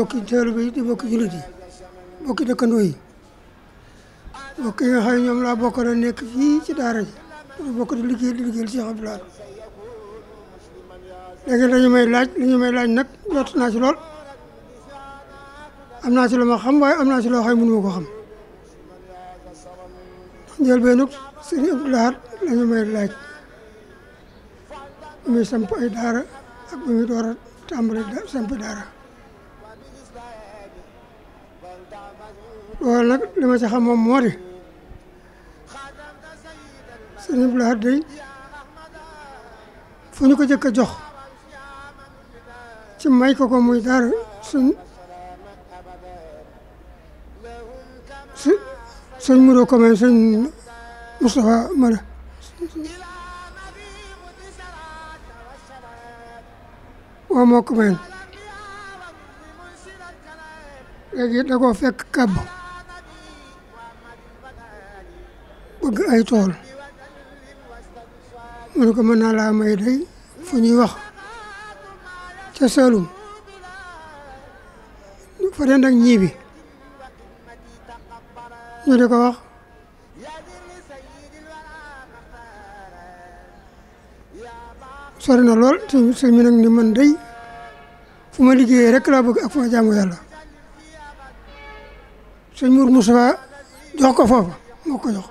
bokki taalibe yi di bokki jullit yi bokki dëkkandoo yi bokki nga xam ñoom laa bokk na nekk fii ci daara bokk di liggéey di liggéeyal Cheikh Abdou Lahad léegi dañu may laaj li ñu may laaj nag jot naa ci lool am naa ci lu ma xam waaye am naa ci loo xam ne mënu ma ko xam njël bee la ñu may laaj ba muy samp daara ak ba muy door a daara loolu nag li ci xam moom moo di sëñ Abdou Lahad ko jëkk a jox ci may ko ko muy daara suñ su sëñ muroo ko may sëñ Moustapha Mada moom moo ko mayoon léegi da fekk kàbb bëgg ay tool mu ne ko mën naa day fu ñuy wax ca Saloum fa dend ak ñu di ko wax sori na lool te sëñ ni man day fu ma liggéeye rek laa bëgg ak fu ma jaamu yàlla sëñ jox ko foofa moo ko jox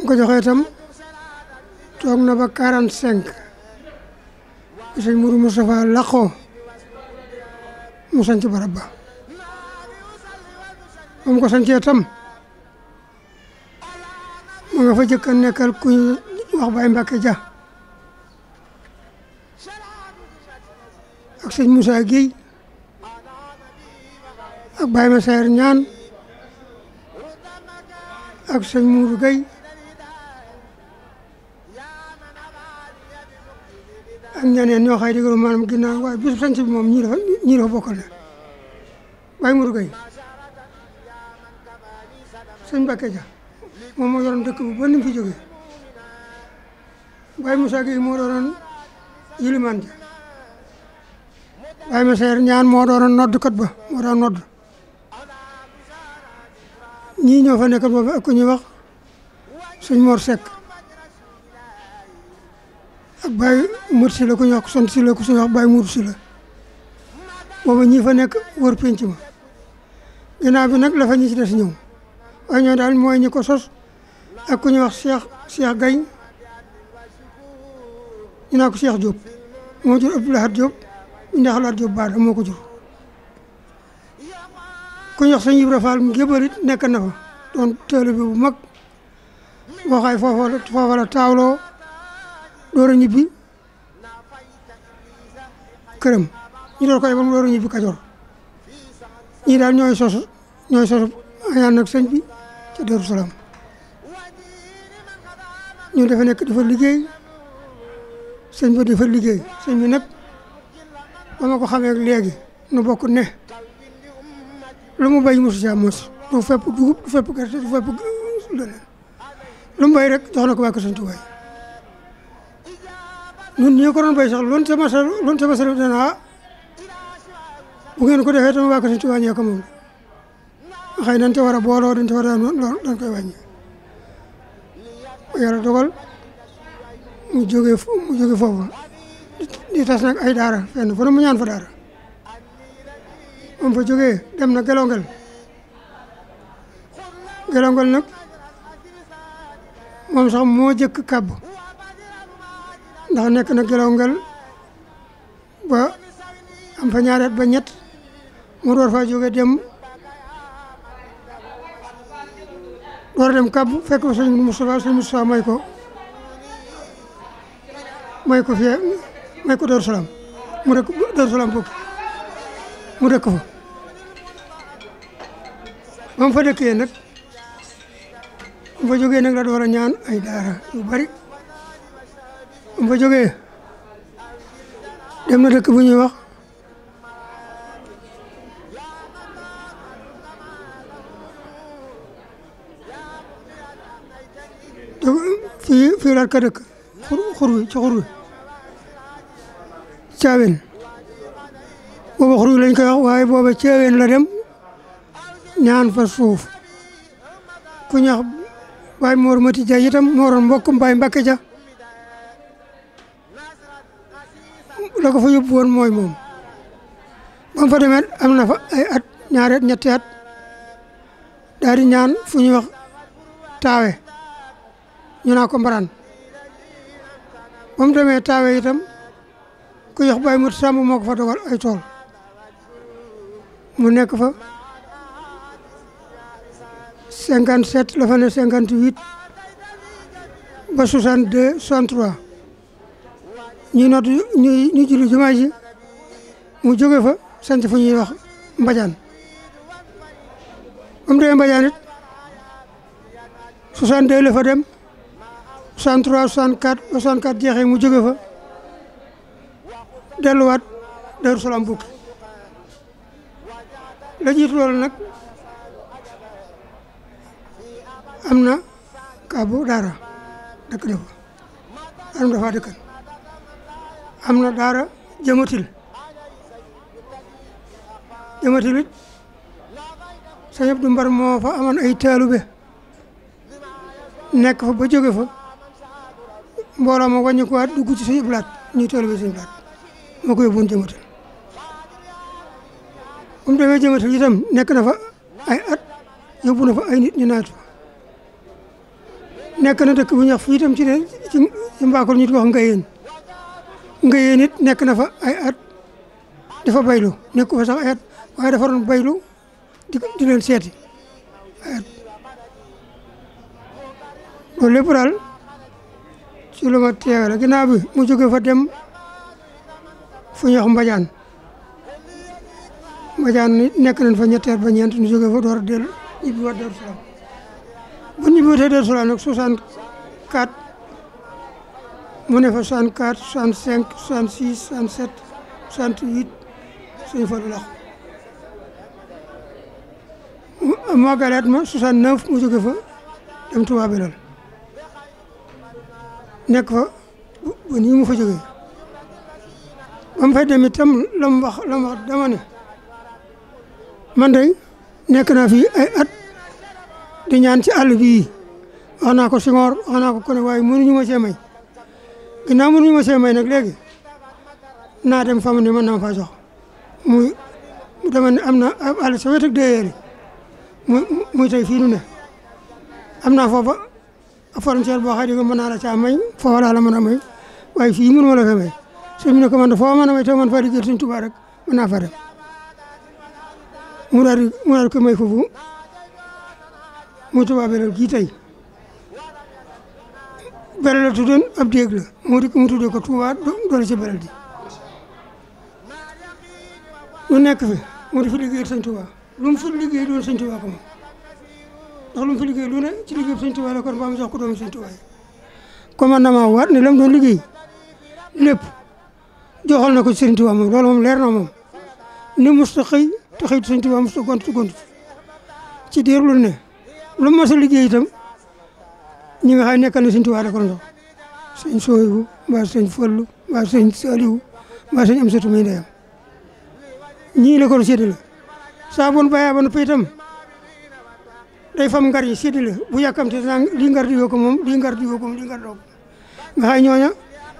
mu ko joxe itam toog na ba quarante cinq sëñ Mourou Moustapha laqoo mu sanc barab ba moom ko sancee tam mu nga fa jëkka nekkal ku ñu wax Baye Mbacke Dia ak sëñ Moussa Guèye ak Baye Massaer Ñaan ak sëñ Mourou Guèye ak ñeneen ñoo xay dëgëru maanaam ginnaaw waaye bisu sant bi moom ñii dafa ñii dafa bokkal na waaye Modou Gueye moom moo yoroon dëkk bu ba ni fi jógee waaye Moussa Gueye moo doon yilimaan ja waaye monsieur ñaan moo doon noddkat ba moo doon nodd ñii ñoo fa nekk ak ku ñuy wax sëñ Mor mut si la ku ñu wax sant si la ku suñu wax bàyyi muur fa nekk wër penc ma ginnaaw bi nag la fa ñi ci des ñëw waaye ñoo daal mooy ñu ko sos ak ku ñu wax Cheikh Cheikh Gaye ñu naa ko Cheikh Diop moo jur Abdou Lahad Diop ñu ndax Lahad Diop baada moo ko jur ku ñu wax sëñ Ibra Fall mu gébalit nekk na fa doon teelu bu mag waxaay foofa la foofa la taawloo door a ñibbi këram ñi door ko yebal mu door a ñibbi Kajoor ñii daal ñooy sos ñooy sos añaan nag sëñ bi ca Daaru Salaam ñu dafa nekk dafa liggéey sëñ bi liggéey sëñ bi nag ba ma ko xamee léegi nu bokk ne lu mu béy mosu caa mos du fepp dugub du fepp gerte du fepp rek jox na ko waa ko ñun ñi ko doon béy sax loolu sama sa loolu sama sa danaa bu ngeen ko defee tam waa ko suñ ci wàññee ko moom xëy nañ te war a booloo dañ te war a loolu dañ koy wàññi yàlla dogal mu jógee mu jógee foofu di tas ay daara fenn fu ne mu ñaan fa daara moom fa jógee dem na gelongel gelongel nag moom sax moo jëkk kàbb ndax nekk na gelaw ngel ba am fa ñaari at ba ñett mu door faa jóge dem door dem kàbb fekk fa sëñ Moustapha sëñ Moustapha may ko may ko fii may ko Daaru Salaam mu dëkk Daaru Salaam bokk mu dëkk fa ba mu fa dëkkee nag mu fa jógee nag la door a ñaan ay daara yu bari mu joge jógee dëkk bu ñuy wax fii fii laat ka dëkk xur ci xur wi caaween booba xur wi lañ koy waaye booba caaween la dem ñaan fa suuf ku ñax baay moor mati ja itam mooroon mbokkum baay mbakke ja la ko fa yóbbu woon mooy moom ba fa demee am na fa ay at ñaari at ñetti at daal ñaan fu ñuy wax taawe ñu naa ko mbaraan ba demee taawe itam ku yox bàyyi mut sàmm moo ko fa dogal ay tool mu nekk fa cinquante sept la fa ne cinquante huit ba soixante deux soixante ñuy noot ñuy ñuy julli mu jóge fa sant fu ñuy wax mbajaan ba mu demee mbajaan it 62 fa dem 63 64 ba 64 jeexee mu jóge fa delluwaat Daaru Salaam bukki la jiitu loolu nag am na kaabu daara dëkk dafa am dafa dëkkan am na daara jëmatil jëmatil it sëñ Abdou Mbar moo fa amoon ay taalube nekk fa ba jóge fa mbooloo moo wàññi ko waat dugg ci suñu blaat taalube suñu blaat moo ko yóbbuwoon jëmatil bu mu demee jëmatil nekk na fa ay at yóbbu na fa ay nit ñu nekk na dëkk bu ñax fi itam ci de ci mbaakul ñu wax nga yéen ngëyee nit nekk na fa ay at dafa baylu nekku fa sax ay at waaye dafa doon baylu di di seeti ay at loolu lépp daal ci lu ma mu jóge fa dem fu ñuy wax Mbadiane Mbadiane nekk nañ fa ñetteel ba ñeent ñu jóge fa door a ñibbi waat Daaru Salaam ñibbi watee Daaru Salaam nag 64 mu ne fa 64 65 66 67 68 suñu fa du làqu magalaat ma 69 mu jóge fa dem Touba nekk fa ba nii fa jógee ba mu fay dem itam la mu wax nekk naa fi ay at di ñaan ci àll bii wax naa ko Senghor wax naa ko kon waaye mënuñu ma cee may ginnaaw mënuñu ma see may nag léegi naa dem fa mu ne mën naa faa jox muy dama ne am na àll sa wet ak déyeer yi muy muy tey fii nu ne am naa foofa frontière boo xam ne mën naa la caa may foofa laa la mën a may fa may sëñ bi ne ko man de foo mën a may te man faa di jël suñ tubaab rek mën mu daal di mu beral la tuddoon ab déeg la moo di mu tuddee ko Touba doole ci beral di mu nekk fi mu di fi liggéey sëñ Touba lu mu fi liggéey doon sëñ Touba ko lu liggéey lu ne ci liggéey sëñ Touba la mu jox ko doomu sëñ Touba yi comme man damaa waat ne la mu doon liggéey lépp joxal na ko sëñ Touba moom loolu moom leer na moom ni mos ta xëy te xëy sëñ Touba mos ta gont gont ci diir lu ne lu mu mos a liggéey ñi nga xam ne nekkal na sëñ Tuubaa Daaru Ndar sëñ Sooybu mbaa sëñ Fallu mbaa sëñ Saliwu mbaa sëñ Amsatu muy ndeyam ñii la kon séddale saa bon bàyyaa ba noppi itam day fam ngar yi séddale bu yàkkamte naa lii ngar di woo ko moom lii ngar di woo ko moom lii ngar doo nga xam ñooña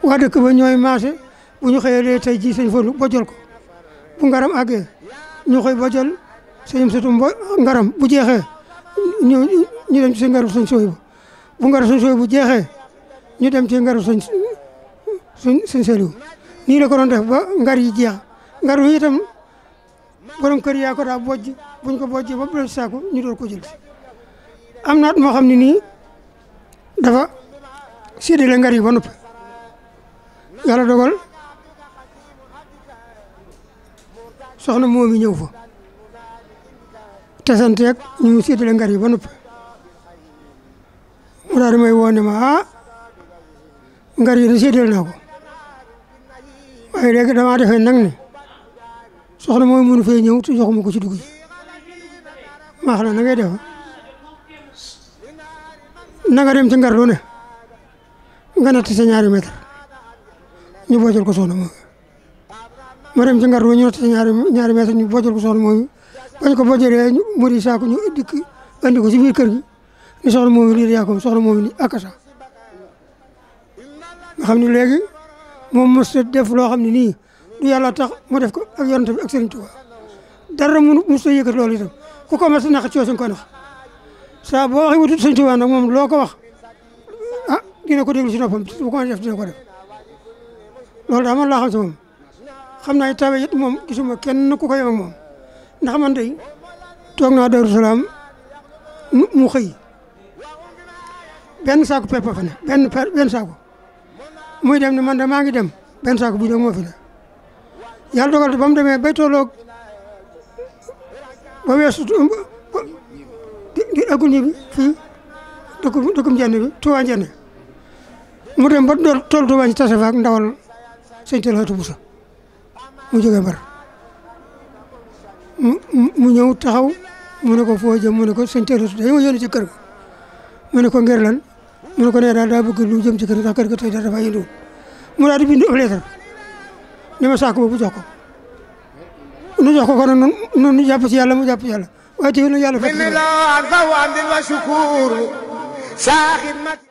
waa dëkk ba ñooy maase bu ñu xëyalee tey jii sëñ Fallu bojjal ko bu ngaram àggee ñu xëy bojjal sëñ Amsatu ngaram bu jeexee ñu ñu dem ci sëñ ngaram sëñ Sooybu bu ngaru suñ sooy bu jeexee ñu dem ci ngaru suñ suñ suñ seliw nii la ko doon def ba ngar yi jeex ngar yi itam borom kër yaako ko daa bojj buñ ko bojjee ba bu saako ñu door ko ci am naat moo xam ne nii dafa séddale ngar yi ba noppi yàlla dogal soxna moomi ñëw fa te sant ñu séddale ngar yi ba noppi mu daal di may woo ne ma ah ngar yi de séddal naa ko waaye léegi damaa defee nag ne soxna mooy mënu fee ñëw te joxuma ko ci dugub ji ma xam ne na ngay def na nga dem ci ngar lu ne nga natt sa ñaari mètre ñu boojal ko soxna mooy ma ci ngar lu ñu natt ñaari ñaari ñu boojal ko soxna bañ ko boojalee mu di saako ñu dikk andi ko ci biir kër gi. ni soxna moomi ni yaakob soxna moomi ni akasa nga xam ne léegi moom mos a def loo xam ne nii du yàlla tax mu def ko ak yonent bi ak Sëriñ Tuubaa dara mu mos a yëkkat loolu itam ku ko mas a nax coo sañ ko nax saa boo waxee wutut Sëriñ Tuubaa nag moom loo ko wax ah dina ko déglu si noppam bu ko mën a def dina ko def loolu daal man laa xam si moom xam naa tawe it moom gisuma kenn ku ko yem ak moom ndax man day toog naa Daaru Salaam mu xëy benn saako pepp fa ne benn benn saako muy dem ni man de maa ngi dem benn saako bu jóg moo fi ne yàlla dogal ba mu demee bay tolloog ba weesu di agul ñi fii dëkkum dëkkum jenn bi mu dem ba dool tool Tuubaa ci tase fa ndawal sëñ Talatu Busa mu jógee mbar mu ñëw taxaw mu ne ko foo mu ne ko sëñ Talatu dañu ma yónni ci kër ga mu ne ko ngir lan mu ne ko nee daal daa bëgg lu jëm ci kër ndax kër ga tey dara dafa yëndu a daal di bind ab lettre ne ma saako ko nu jox ko kon noonu noonu jàpp ci yàlla mu jàpp ci yàlla waaye teewul yàlla